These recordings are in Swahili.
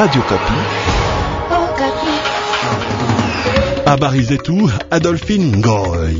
Radio Kapi. Habari zetu Adolphine Ngoy.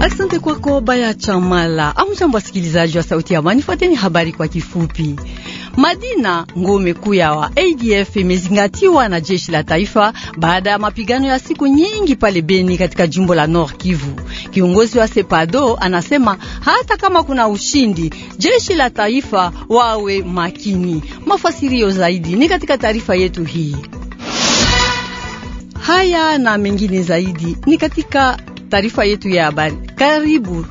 Asante kwako Baya Chamala. Amjambo wasikilizaji wa Sauti ya Amani, fuateni habari kwa kifupi. Madina, ngome kuu ya wa ADF imezingatiwa na jeshi la taifa baada ya mapigano ya siku nyingi pale Beni katika jimbo la Nord Kivu. Kiongozi wa Sepado anasema hata kama kuna ushindi, jeshi la taifa wawe makini. Mafasirio zaidi ni katika taarifa yetu hii. Haya na mengine zaidi ni katika taarifa yetu ya habari. Karibu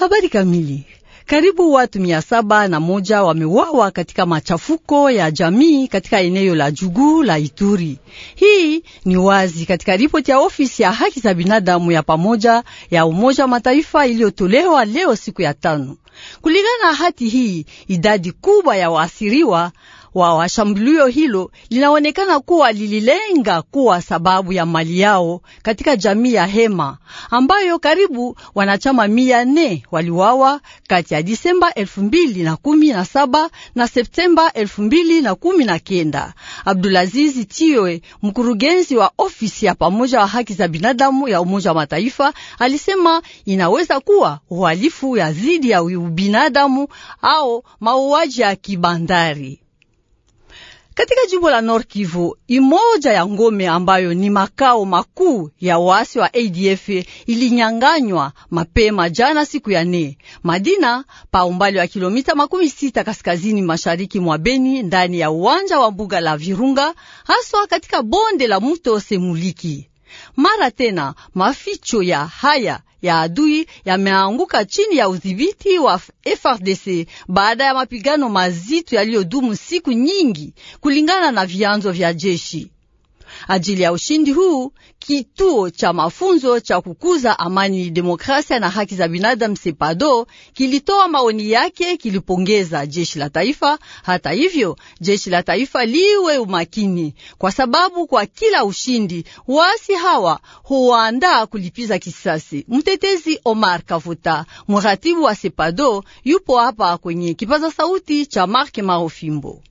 Habari kamili. Karibu watu mia saba na moja wamewawa katika machafuko ya jamii katika eneo la Jugu la Ituri. Hii ni wazi katika ripoti ya ofisi ya haki za binadamu ya pamoja ya Umoja wa Mataifa iliyotolewa leo siku ya tano. Kulingana na hati hii, idadi kubwa ya waasiriwa wawa. Shambulio hilo linaonekana kuwa lililenga kuwa sababu ya mali yao katika jamii ya Hema ambayo karibu wanachama mia nne waliwawa kati ya Disemba elfu mbili na kumi na saba na Septemba elfu mbili na kumi na kenda. Abdulaziz Tiwe, mkurugenzi wa ofisi ya pamoja wa haki za binadamu ya Umoja wa Mataifa, alisema inaweza kuwa uhalifu ya zidi ya ubinadamu au mauaji ya kibandari. Katika jimbo la Nord Kivu, imoja ya ngome ambayo ni makao makuu ya waasi wa ADF ilinyanganywa mapema jana siku ya nne, Madina, pa umbali wa kilomita makumi sita kaskazini mashariki mwa Beni, ndani ya uwanja wa mbuga la Virunga, haswa katika bonde la mto Semuliki. Mara tena maficho ya haya ya adui yameanguka chini ya udhibiti wa FRDC baada ya mapigano mazito yaliyodumu siku nyingi, kulingana na vyanzo vya jeshi. Ajili ya ushindi huu, kituo cha mafunzo cha kukuza amani, demokrasia na haki za binadamu SEPADO kilitoa maoni yake, kilipongeza jeshi la taifa. Hata hivyo, jeshi la taifa liwe umakini, kwa sababu kwa kila ushindi wasi hawa huandaa kulipiza kisasi. Mtetezi Omar Kavuta, mratibu wa SEPADO, yupo hapa kwenye kipaza sauti cha Mark Marofimbo.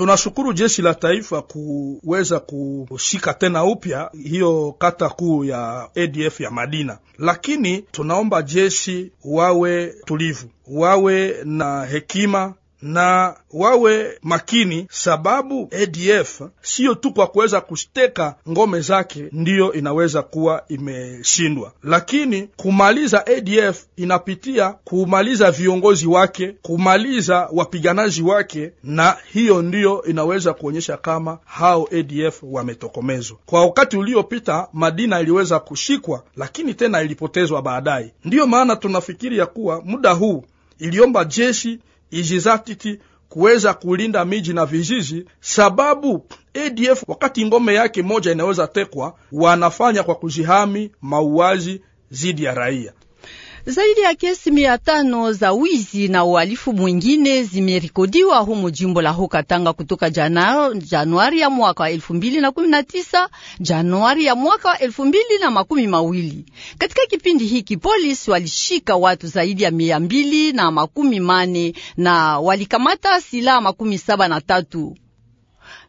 Tunashukuru jeshi la taifa kuweza kushika tena upya hiyo kata kuu ya ADF ya Madina, lakini tunaomba jeshi wawe tulivu, wawe na hekima na wawe makini, sababu ADF siyo tu kwa kuweza kusteka ngome zake ndiyo inaweza kuwa imeshindwa, lakini kumaliza ADF inapitia kumaliza viongozi wake, kumaliza wapiganaji wake, na hiyo ndiyo inaweza kuonyesha kama hao ADF wametokomezwa. Kwa wakati uliopita, Madina iliweza kushikwa, lakini tena ilipotezwa baadaye. Ndiyo maana tunafikiri ya kuwa muda huu iliomba jeshi ijizatiti kuweza kulinda miji na vijiji, sababu ADF wakati ngome yake moja inaweza tekwa, wanafanya kwa kujihami mauaji zidi ya raia. Zaidi ya kesi mia tano za wizi na uhalifu mwingine zimerikodiwa humu jimbo la Hukatanga katanga kutoka janao, Januari ya mwaka wa elfu mbili na kumi na tisa Januari ya mwaka wa elfu mbili na makumi mawili. Katika kipindi hiki polisi walishika watu zaidi ya mia mbili na makumi mane na walikamata silaha makumi saba na tatu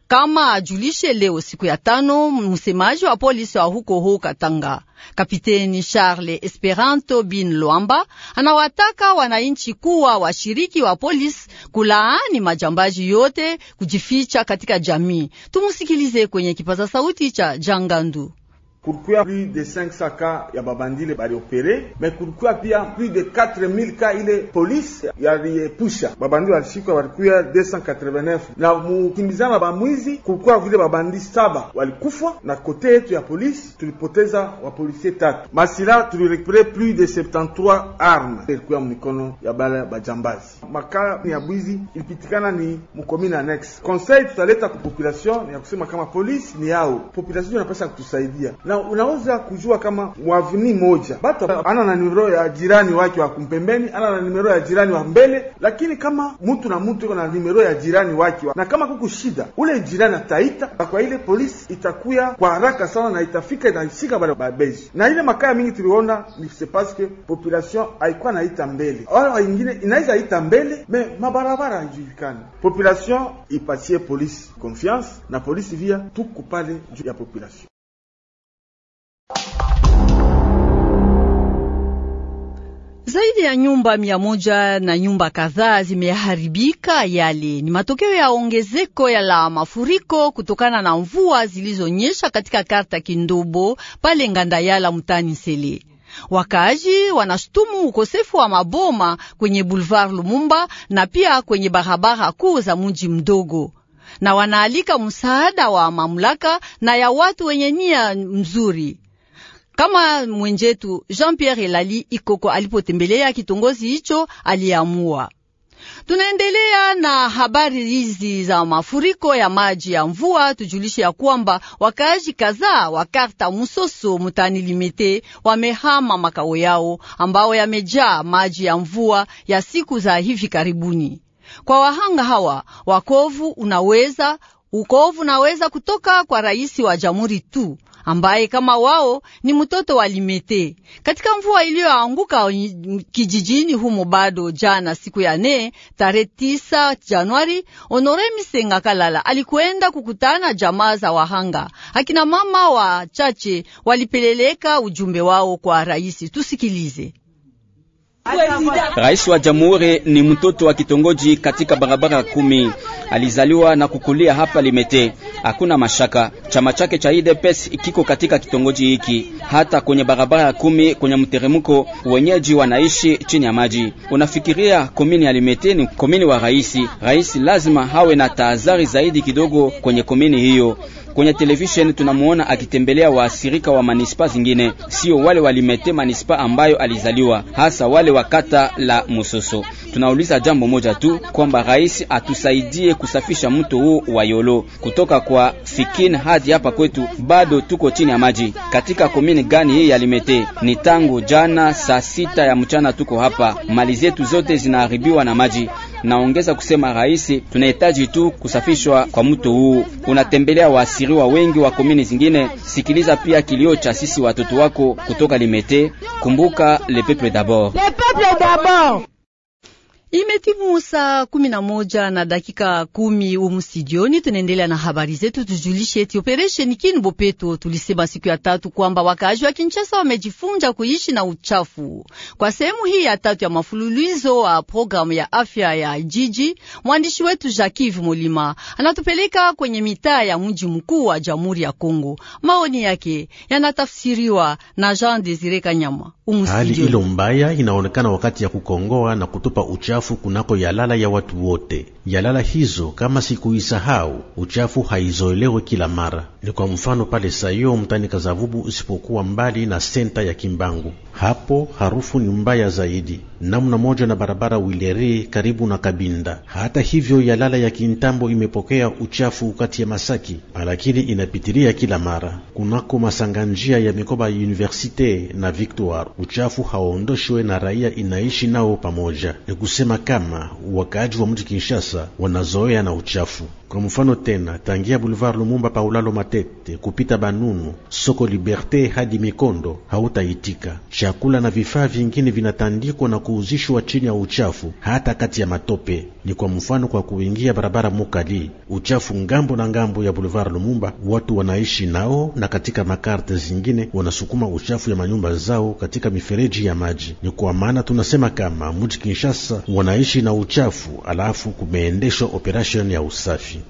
kama ajulishe leo siku ya tano msemaji wa polisi wa huko Haut-Katanga. Kapiteni Charles Esperanto Bin Luamba anawataka wananchi kuwa washiriki wa polisi kulaani majambazi yote kujificha katika jamii. Tumusikilize kwenye kipaza sauti cha Jangandu kulikuwa plus de 500 ka ya babandile baliopere, me kulikuwa pia plus de 4000 ka ile polisi yaliepusha babandile walishikwa, walikuwa 289 na mukimbizana bamwizi, kulikuwa vile babandi saba walikufwa, na kote yetu ya polisi tulipoteza wapolisie tatu. Masila tulirekupere plus de 73 arme ilikuwa mikono ya bala bajambazi. Makala ya bwizi ilipitikana ni mkomina annexe. Conseil tutaleta kwa population ya kusema kama polisi ni yao, population inapaswa kutusaidia na na unaweza kujua kama mwavuni moja bata ana na nimero ya jirani wake wa kumpembeni, ana na nimero ya jirani wa mbele, lakini kama mtu na mtu iko na nimero ya jirani wake wa, na kama kuku shida ule jirani ataita kwa ile polisi itakuya kwa haraka sana na itafika inashika bale babeji. Na ile makaya mingi tuliona ni c'est parce que population haikuwa naita mbele, wala wengine inaweza ita mbele me mabarabara haijulikani. Population ipatie polisi confiance na polisi via tuku pale juu ya population. Zaidi ya nyumba mia moja na nyumba kadhaa zimeharibika. Yale ni matokeo ya ongezeko ya la mafuriko kutokana na mvua zilizonyesha katika karta Kindobo pale nganda yala mtani Sele. Wakaaji wanashutumu ukosefu wa maboma kwenye Boulevard Lumumba na pia kwenye barabara kuu za mji mdogo, na wanaalika msaada wa mamlaka na ya watu wenye nia mzuri. Kama mwenjetu Jean-Pierre Elali Ikoko alipotembelea kitongozi hicho aliamua. Tunaendelea na habari hizi za mafuriko ya maji ya mvua. Tujulishe ya kwamba wakaaji kadhaa wa karta Musoso mutani Limete wamehama makao yao ambao yamejaa maji ya mvua ya siku za hivi karibuni. Kwa wahanga hawa wakovu unaweza ukovu naweza kutoka kwa rais wa jamhuri tu ambaye kama wao ni mtoto wa Limete katika mvua iliyoanguka kijijini humo. Bado jana siku ya nne tarehe tisa Januari, Honore Misenga Kalala alikwenda kukutana jamaa za wahanga. Akina mama wa chache walipeleleka ujumbe wao kwa rais. Tusikilize. Rais wa Jamhuri ni mtoto wa kitongoji katika barabara kumi. Alizaliwa na kukulia hapa Limete, hakuna mashaka. Chama chake cha UDPS kiko katika kitongoji hiki. Hata kwenye barabara kumi kwenye mteremko, wenyeji wanaishi chini ya maji. Unafikiria komini ya Limete ni komini wa rais. Rais lazima hawe na tahadhari zaidi kidogo kwenye komini hiyo. Kwenye televisheni tunamuona akitembelea waasirika wa manispa zingine, sio wale walimete manispa ambayo alizaliwa, hasa wale wa kata la mososo Tunauliza jambo moja tu kwamba rais atusaidie kusafisha mto huu wa Yolo kutoka kwa fikin hadi hapa kwetu, bado tuko chini ya maji. Katika komini gani hii alimete Ni tangu jana saa sita ya mchana tuko hapa, mali zetu zote zinaharibiwa na maji. Naongeza kusema rais, tunahitaji tu kusafishwa kwa mto huu. Unatembelea waasiriwa wengi wa komini zingine, sikiliza pia kilio cha sisi watoto wako kutoka Limete. Kumbuka le peuple d'abord, le peuple d'abord. Imetimu saa kumi na moja na dakika kumi umusidioni, tunaendelea na habari zetu. Tujulishe eti operesheni bopeto. tulisema siku ya tatu kwamba wakaaji wa Kinshasa wamejifunja kuishi na uchafu. Kwa sehemu hii ya tatu ya mafululizo wa programu ya afya ya jiji, mwandishi wetu Jacques Molima anatupeleka kwenye mitaa ya mji mkuu wa Jamhuri ya Kongo. Maoni yake yanatafsiriwa na Jean Desire Kanyama. Hali ilo mbaya inaonekana wakati ya kukongoa na kutupa uchafu uchafu kunako yalala ya watu wote. Yalala hizo kama sikuisahau, uchafu haizoelewe kila mara. Ni kwa mfano pale Sayo mtani Kazavubu, usipokuwa mbali na senta ya Kimbangu, hapo harufu ni mbaya zaidi, namna moja na barabara Wilere karibu na Kabinda. Hata hivyo, yalala ya Kintambo imepokea uchafu kati ya Masaki, lakini inapitilia kila mara kunako masanga njia ya mikoba ya Universite na Victoire. Uchafu haondoshwe na raia inaishi nao pamoja, ni kusema anasema kama wakaaji wa mji Kinshasa wanazoea na uchafu kwa mfano tena, tangia Boulevard Lumumba pa ulalo Matete kupita Banunu, soko Liberte hadi Mikondo hautaitika. Chakula na vifaa vingine vinatandikwa na kuuzishwa chini ya uchafu, hata kati ya matope. Ni kwa mfano kwa kuingia barabara Mukali, uchafu ngambo na ngambo ya Boulevard Lumumba watu wanaishi nao, na katika makarte zingine wanasukuma uchafu ya manyumba zao katika mifereji ya maji. Ni kwa maana tunasema kama muji Kinshasa wanaishi na uchafu, alafu kumeendeshwa operation ya usafi.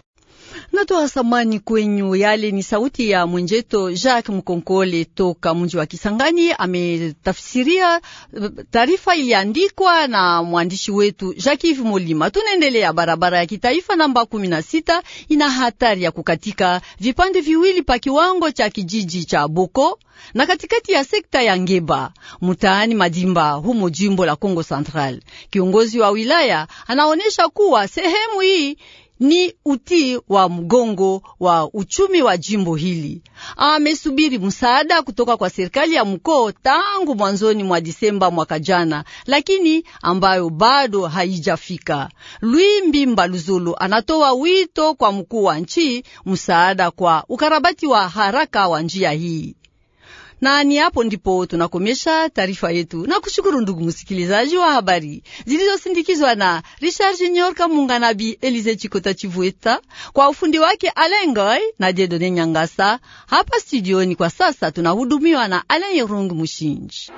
Natoa samani kwenyu yale. Ni sauti ya mwenjeto Jacques Mkonkole toka mji wa Kisangani, ametafsiria eh, taarifa iliandikwa na mwandishi wetu Jacques Molima. Tunaendelea. Barabara ya kitaifa namba kumi na sita ina hatari ya kukatika vipande viwili pa kiwango cha kijiji cha Boko na katikati ya sekta ya Ngeba mtaani Madimba humo jimbo la Kongo Central. Kiongozi wa wilaya anaonesha kuwa sehemu hii ni uti wa mgongo wa uchumi wa jimbo hili. Amesubiri msaada kutoka kwa serikali ya mkoo tangu mwanzoni mwa Disemba mwaka jana, lakini ambayo bado haijafika. Lui Mbimba Luzulu anatoa wito kwa mkuu wa nchi msaada kwa ukarabati wa haraka wa njia hii na ni hapo ndipo tunakomesha taarifa yetu na kushukuru ndugu msikilizaji wa habari zilizosindikizwa na Richard Junior Kamunga nabi Elize Chikota Chivueta kwa ufundi wake Alengoi na Jedone Nyangasa. Hapa studioni kwa sasa tunahudumiwa na Alain Yerung Mushinji.